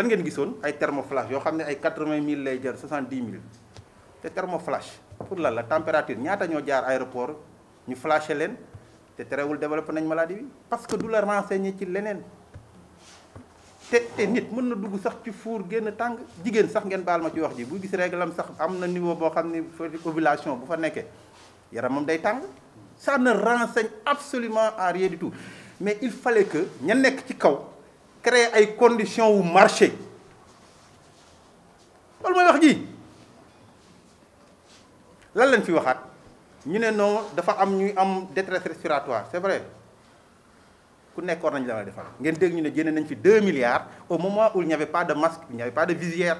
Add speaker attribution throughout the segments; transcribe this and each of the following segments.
Speaker 1: lan ngeen gisoon ay thermoflash yo xam ay 80 000 lay jar soixante te thermoflash pour la la température ñaata ñoo jaar aéroport ñu flashé len te téréwul développé nañ maladie bi parce que du la renseigné ci lenen te nit mën na dugg sax ci four genn tang jigéen sax ngeen bal ma ci wax ji bu gis réglam sax amna niveau boo xam ne ovulation bu fa nekkee yaramam day tang, ça ne renseigne absolument à rien du tout mais il fallait que ña nek ci kaw créer des conditions au marché C'est ce que je lan ce fi détresse respiratoire c'est vrai Nous avons 2 milliards au moment où il n'y avait pas de masque il n'y avait pas de visière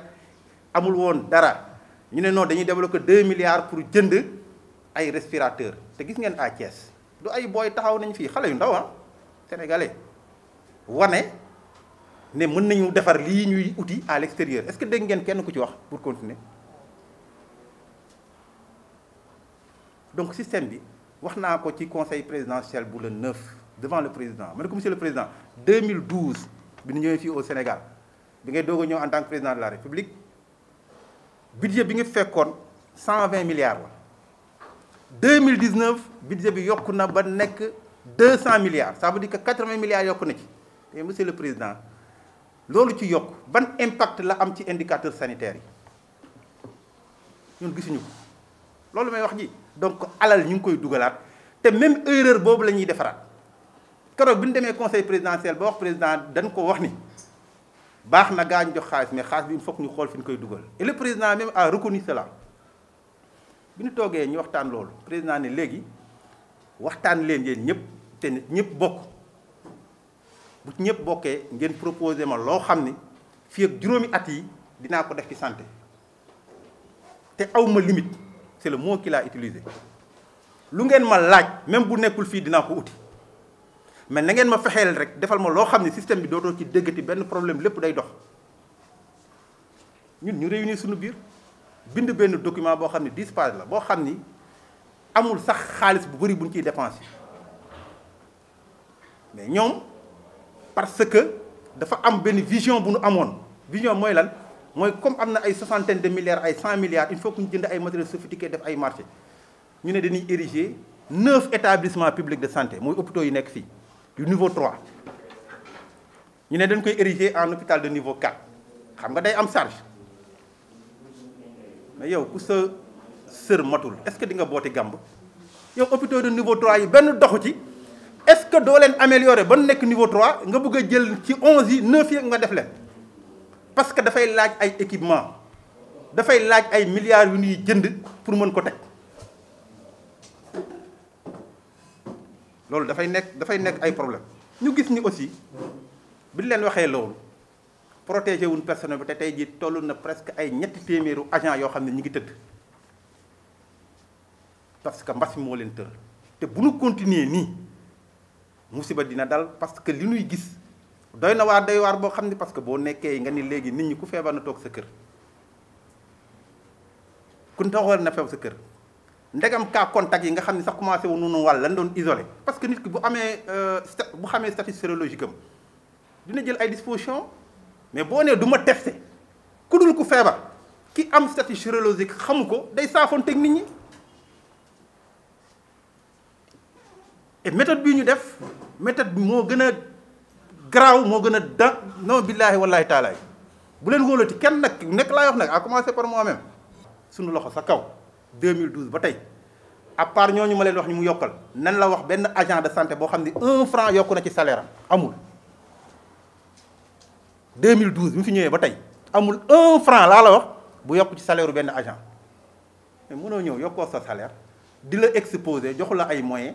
Speaker 1: Nous avons développé 2 milliards pour les respirateurs C'est gis ngeen à Thiès ah, sénégalais ne mën nañu defar lii ñuy outil à l'extérieur est-ce que vous avez kenn ku ci wax pour continuer donc système bi wax naa ko conseil présidentiel pour le 9 devant le président ma ne ko monsieur le président 2012 bi ñu ñëwee au Sénégal bi ngay doog en tant que président de la République budget bi fait, 120 milliards En 2019 budget bi yokku 200 milliards ça veut dire que 80 milliards yokku na ci monsieur le président lolu ci yok ban impact la am ci indicateur sanitaire yi ñun gisuñu lolu may wax ji donc alal ñu koy dugalaat te même erreur bobu lañuy défarat kéro keroog démé conseil présidentiel ba wax président dañ ko wax ni baax na gaañ jox xaalis mais xaalis bi il faut ñu xol fi ñu koy dugal et le président même a reconnu cela bi ñu toogee ñu waxtaan lolu président ne légui waxtaan leen yéen ñëpp te ñëpp bokk bu ci ñëpp bokkee ngeen proposé ma loo xam ni fii ak juróomi at yi dinaa ko def ci santé te aw ma limite c'est le mot qu'il a utilisé lu ngeen ma laaj même bu nekkul fii dinaa ko uti mais na ngeen ma fexeel rek defal ma loo xam ne système bi dootoo ci déggati benn problème lépp day dox ñun ñu réunir suñu biir bind benn document boo xam ne dix pages la boo xam ni amul sax xaalis bu bëri buñ ciy dépensé mais ñoom parce que dafa am une vision bu nous amoon vision mooy lan moy comme amna ay soixantaine de milliards ay 100 milliards il faut que ñu jënd ay matériels sophistiqués def ay marché ñu né dañuy ériger neuf établissements publics de santé moy hôpitaux yu nek fi du niveau 3 ñu né dañ koy ériger en hôpital de niveau 4 xam nga day am charge mais yow ku sa sër matul est-ce que di nga booti gàmb yow hôpitaux de niveau 3 yi de doxu ci que do leen améliorer ba nek niveau 3 nga bëgg jël ci 11 yi 9 yi nga def leen parce que da fay laaj ay équipement fay laaj ay milliards yu ñuy jënd pour mën ko teg loolu nek da fay nek ay problème ñu gis ni aussi bi leen waxé loolu protéger wun personnel bi te tey jii na presque ay ñetti téméru agent yo xam ñi ngi tëdd parce que mbass mo leen teul te bu ñu continuer ni musiba dina dal parce que li nuy gis doyna war waar doy waar boo xam parce que bo nekké nga ni légui nit ñi ku feebar na tok sa kër ku taxol na feew sa kër ndegam ka contact yi nga xamni sax commencé wu noonu wàll lan doon isolé parce que nit ki bu amé euh, bu xamé statut sérologique am dina jël ay disposition mais bo né duma testé ku dul ku feebar ki am statut sérologique xamuko day safonté nit ñi et méthode bi ñu def méthode bi moo gën a garaaw moo gën a da non billaahi wallaahi taalaay bu leen wóolati kenn nag nekk laa wax nag a commencé par moi-même suñu loxo sa kaw 2012 ba tey à part ñooñu ma leen wax ñu mu yokkal nan la wax benn agent de sante boo xam ne un franc yokku na ci salaire am amul 2012 bi mu fi ñëwee ba tey amul un franc laa la wax bu yokk ci salaire benn agent mais mënoo ñëw yokkoo sa salaire di la exposer joxu la ay moyen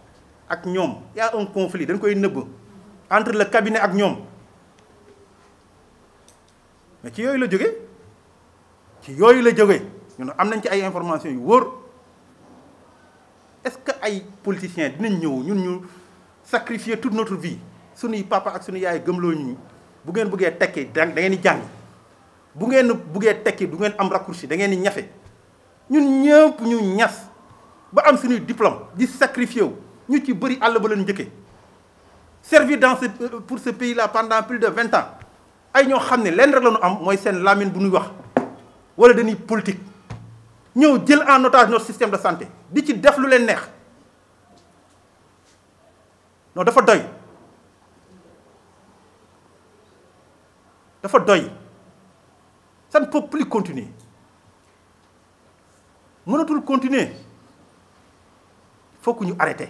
Speaker 1: Il y a un conflit entre le cabinet ak ñom mais ci yoy la ci yoy la ñun am ci ay information est-ce que ay politiciens dinañ sacrifier toute notre vie suñu papa ak suñu yaay gëmloo ñu bu ngeen bëggee tekki da ngeen di jàng bu ngeen bëggee tekki du ngeen am raccourci da ngeen di ñun ñëpp ñu ba diplôme di sacrifier ñu ci bëri àll ba leen servi servir dans ce pour ce pays là pendant plus de vingt ans ay ñoo xam ne leen rek la am mooy seen lamine bu ñuy wax wala dañuy politique ñëw jël en otage notre système de santé di ci def lu leen neex non dafa doy dafa doy ça ne peut plus continuer mënatul continuer il faut que ñu arrêtions.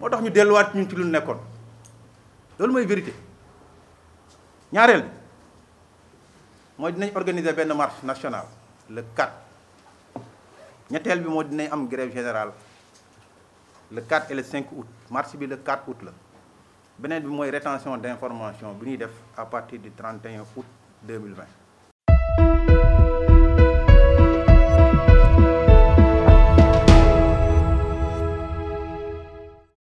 Speaker 1: motax tax ñu delluwaat ñun ci lu nekkoon loolu mooy vérité la vérité. mooy dinañ organiser une marche nationale le 4 ñetteel bi moo dinañ am grève générale le 4 et le 5 août marche bi le 4 août la beneen bi rétention d'information bi ñuy def à partir du 31 août 2020